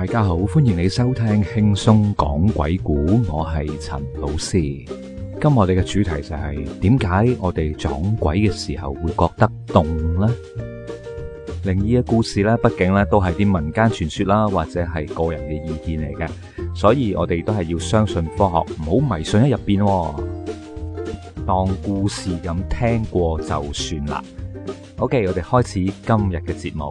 大家好，歡迎你收聽輕鬆講鬼故。我係陳老師。今日我哋嘅主題就係點解我哋撞鬼嘅時候會覺得凍呢？靈異嘅故事咧，畢竟咧都係啲民間傳說啦，或者係個人嘅意見嚟嘅，所以我哋都係要相信科學，唔好迷信喺入邊，當故事咁聽過就算啦。OK，我哋開始今日嘅節目。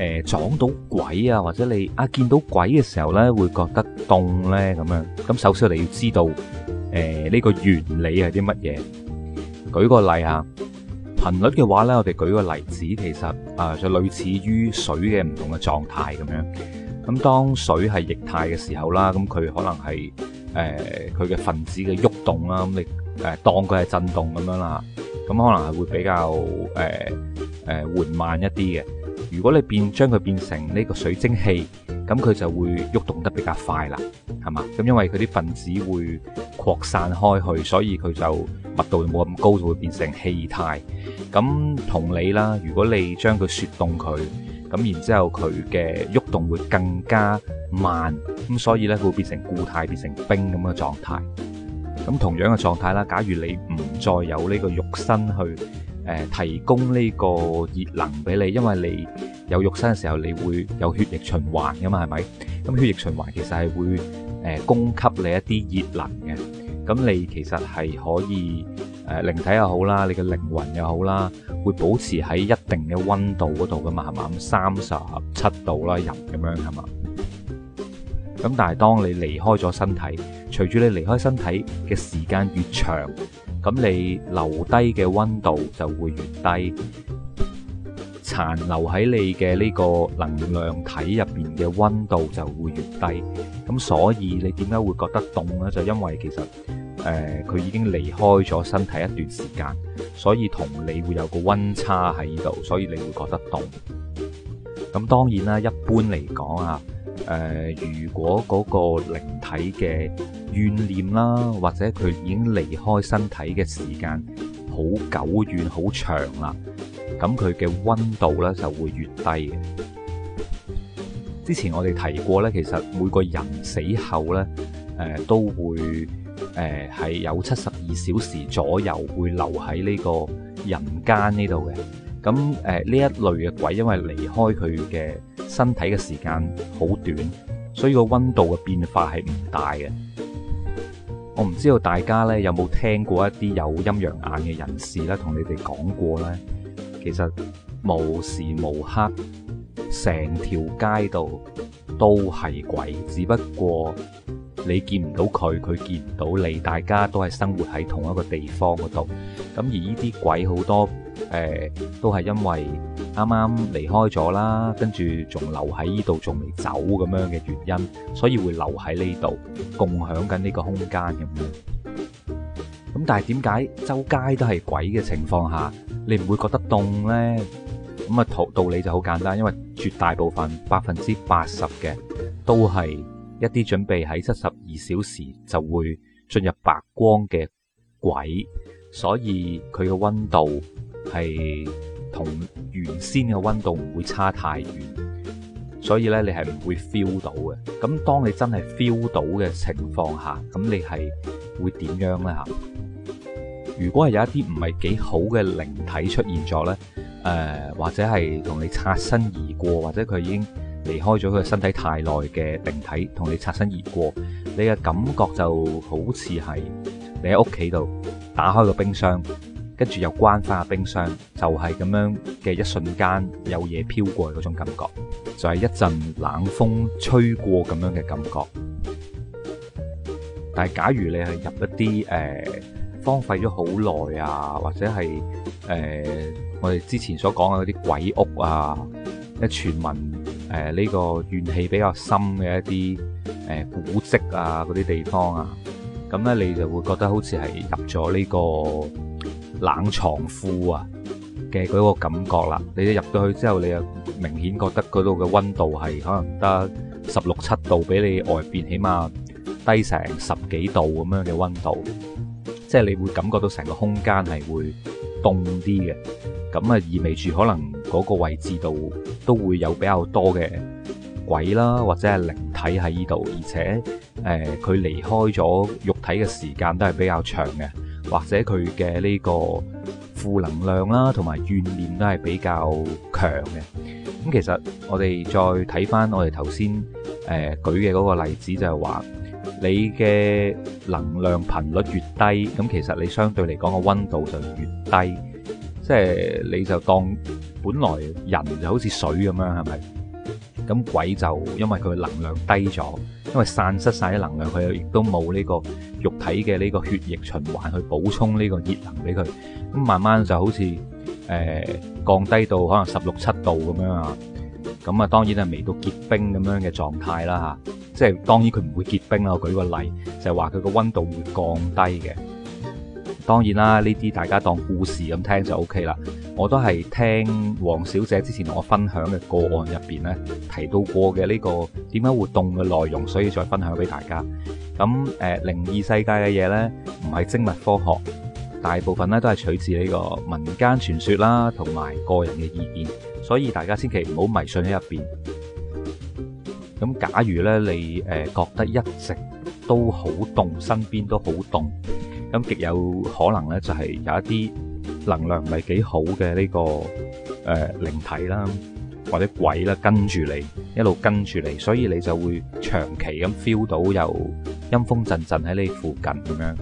誒，撞到鬼啊，或者你啊見到鬼嘅時候咧，會覺得凍咧咁樣。咁首先我哋要知道，誒呢個原理係啲乜嘢？舉個例啊，頻率嘅話咧，我哋舉個例子，其實啊就類似於水嘅唔同嘅狀態咁樣。咁當水係液態嘅時候啦，咁佢可能係誒佢嘅分子嘅喐動啦，咁你誒當佢係震動咁樣啦，咁可能係會比較誒誒緩慢一啲嘅。如果你變將佢變成呢個水蒸氣，咁佢就會喐動，動得比較快啦，係嘛？咁因為佢啲分子會擴散開去，所以佢就密度冇咁高，就會變成氣態。咁同理啦，如果你將佢雪凍佢，咁然之後佢嘅喐動會更加慢，咁所以呢會變成固態，變成冰咁嘅狀態。咁同樣嘅狀態啦，假如你唔再有呢個肉身去。誒提供呢個熱能俾你，因為你有肉身嘅時候，你會有血液循環㗎嘛，係咪？咁血液循環其實係會誒、呃、供給你一啲熱能嘅。咁你其實係可以誒、呃、靈體又好啦，你嘅靈魂又好啦，會保持喺一定嘅温度嗰度㗎嘛，係嘛？咁三十七度啦，入咁樣係嘛？咁但係當你離開咗身體，隨住你離開身體嘅時間越長，咁你留低嘅溫度就會越低，殘留喺你嘅呢個能量體入邊嘅溫度就會越低。咁所以你點解會覺得凍呢？就因為其實誒佢、呃、已經離開咗身體一段時間，所以同你會有個溫差喺度，所以你會覺得凍。咁當然啦，一般嚟講啊。誒、呃，如果嗰個靈體嘅怨念啦，或者佢已經離開身體嘅時間好久遠、好長啦，咁佢嘅溫度呢就會越低嘅。之前我哋提過呢，其實每個人死後呢，誒、呃、都會誒係、呃、有七十二小時左右會留喺呢個人間呢度嘅。咁誒呢一類嘅鬼，因為離開佢嘅。身體嘅時間好短，所以個温度嘅變化係唔大嘅。我唔知道大家呢有冇聽過一啲有陰陽眼嘅人士咧，同你哋講過呢？其實無時無刻成條街度都係鬼，只不過你見唔到佢，佢見唔到你，大家都係生活喺同一個地方嗰度。咁而呢啲鬼好多，誒，都係因為啱啱離開咗啦，跟住仲留喺呢度仲未走咁樣嘅原因，所以會留喺呢度共享緊呢個空間咁樣。咁但係點解周街都係鬼嘅情況下，你唔會覺得凍呢？咁啊，道理就好簡單，因為絕大部分百分之八十嘅都係一啲準備喺七十二小時就會進入白光嘅鬼，所以佢嘅溫度。係同原先嘅溫度唔會差太遠，所以呢你係唔會 feel 到嘅。咁當你真係 feel 到嘅情況下，咁你係會點樣呢？吓，如果係有一啲唔係幾好嘅靈體出現咗呢，誒、呃、或者係同你擦身而過，或者佢已經離開咗佢身體太耐嘅靈體同你擦身而過，你嘅感覺就好似係你喺屋企度打開個冰箱。跟住又關翻冰箱，就係咁樣嘅一瞬間有嘢飄過嗰種感覺，就係一陣冷風吹過咁樣嘅感覺。但係假如你係入一啲誒荒廢咗好耐啊，或者係誒我哋之前所講嘅嗰啲鬼屋啊，一傳聞誒呢個怨氣比較深嘅一啲誒古跡啊嗰啲地方啊，咁咧你就會覺得好似係入咗呢個冷藏庫啊嘅嗰個感覺啦，你入到去之後，你就明顯覺得嗰度嘅温度係可能得十六七度，比你外邊起碼低成十幾度咁樣嘅温度，即係你會感覺到成個空間係會凍啲嘅。咁啊，意味住可能嗰個位置度都會有比較多嘅鬼啦，或者係靈體喺呢度，而且誒佢、呃、離開咗肉體嘅時間都係比較長嘅。或者佢嘅呢個負能量啦，同埋怨念都係比較強嘅。咁其實我哋再睇翻我哋頭先誒舉嘅嗰個例子就是說，就係話你嘅能量頻率越低，咁其實你相對嚟講個温度就越低，即係你就當本來人就好似水咁樣，係咪？咁鬼就因為佢嘅能量低咗，因為散失晒啲能量，佢又亦都冇呢個。肉體嘅呢個血液循環去補充呢個熱能俾佢，咁慢慢就好似誒、呃、降低到可能十六七度咁樣啊，咁啊當然係未到結冰咁樣嘅狀態啦吓，即係當然佢唔會結冰啦。我舉個例就係話佢個温度會降低嘅，當然啦呢啲大家當故事咁聽就 OK 啦。我都係聽黃小姐之前同我分享嘅個案入邊咧提到過嘅呢，這個點解會凍嘅內容，所以再分享俾大家。咁誒、靈、呃、異世界嘅嘢呢，唔係精密科學，大部分呢都係取自呢個民間傳說啦，同埋個人嘅意見，所以大家千祈唔好迷信喺入邊。咁假如呢，你誒、呃、覺得一直都好凍，身邊都好凍，咁極有可能呢，就係、是、有一啲。能量唔係幾好嘅呢個誒靈體啦，或者鬼啦，跟住你一路跟住你，所以你就會長期咁 feel 到有陰風陣陣喺你附近咁樣，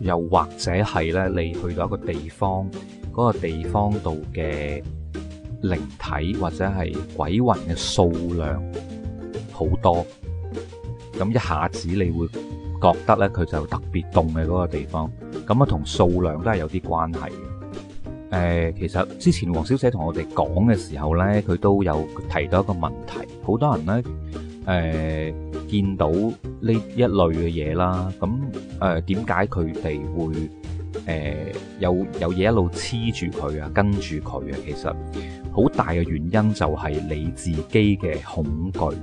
又或者係咧你去到一個地方，嗰個地方度嘅靈體或者係鬼魂嘅數量好多，咁一下子你會覺得咧佢就特別凍嘅嗰個地方。咁啊，同數量都係有啲關係嘅，誒。其實之前黃小姐同我哋講嘅時候呢，佢都有提到一個問題。好多人呢，誒、呃、見到呢一類嘅嘢啦，咁誒點解佢哋會誒有有嘢一路黐住佢啊，呃、跟住佢啊？其實好大嘅原因就係你自己嘅恐懼。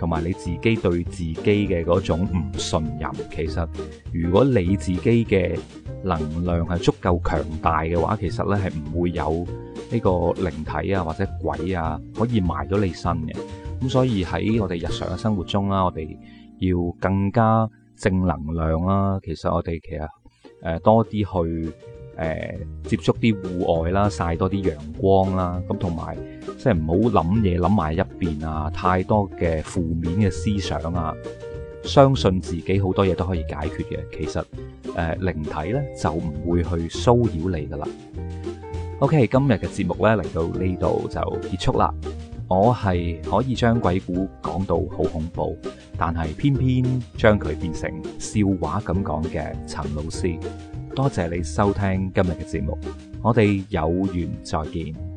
同埋你自己對自己嘅嗰種唔信任，其實如果你自己嘅能量係足夠強大嘅話，其實呢係唔會有呢個靈體啊或者鬼啊可以埋到你身嘅。咁所以喺我哋日常嘅生活中啦，我哋要更加正能量啦。其實我哋其實誒多啲去。誒、嗯，接觸啲戶外啦，晒多啲陽光啦，咁同埋即係唔好諗嘢諗埋一邊啊，太多嘅負面嘅思想啊，相信自己好多嘢都可以解決嘅。其實誒，靈、呃、體呢就唔會去騷擾你噶啦。OK，今日嘅節目呢，嚟到呢度就結束啦。我係可以將鬼故講到好恐怖，但係偏偏將佢變成笑話咁講嘅陳老師。多謝你收聽今日嘅節目，我哋有緣再見。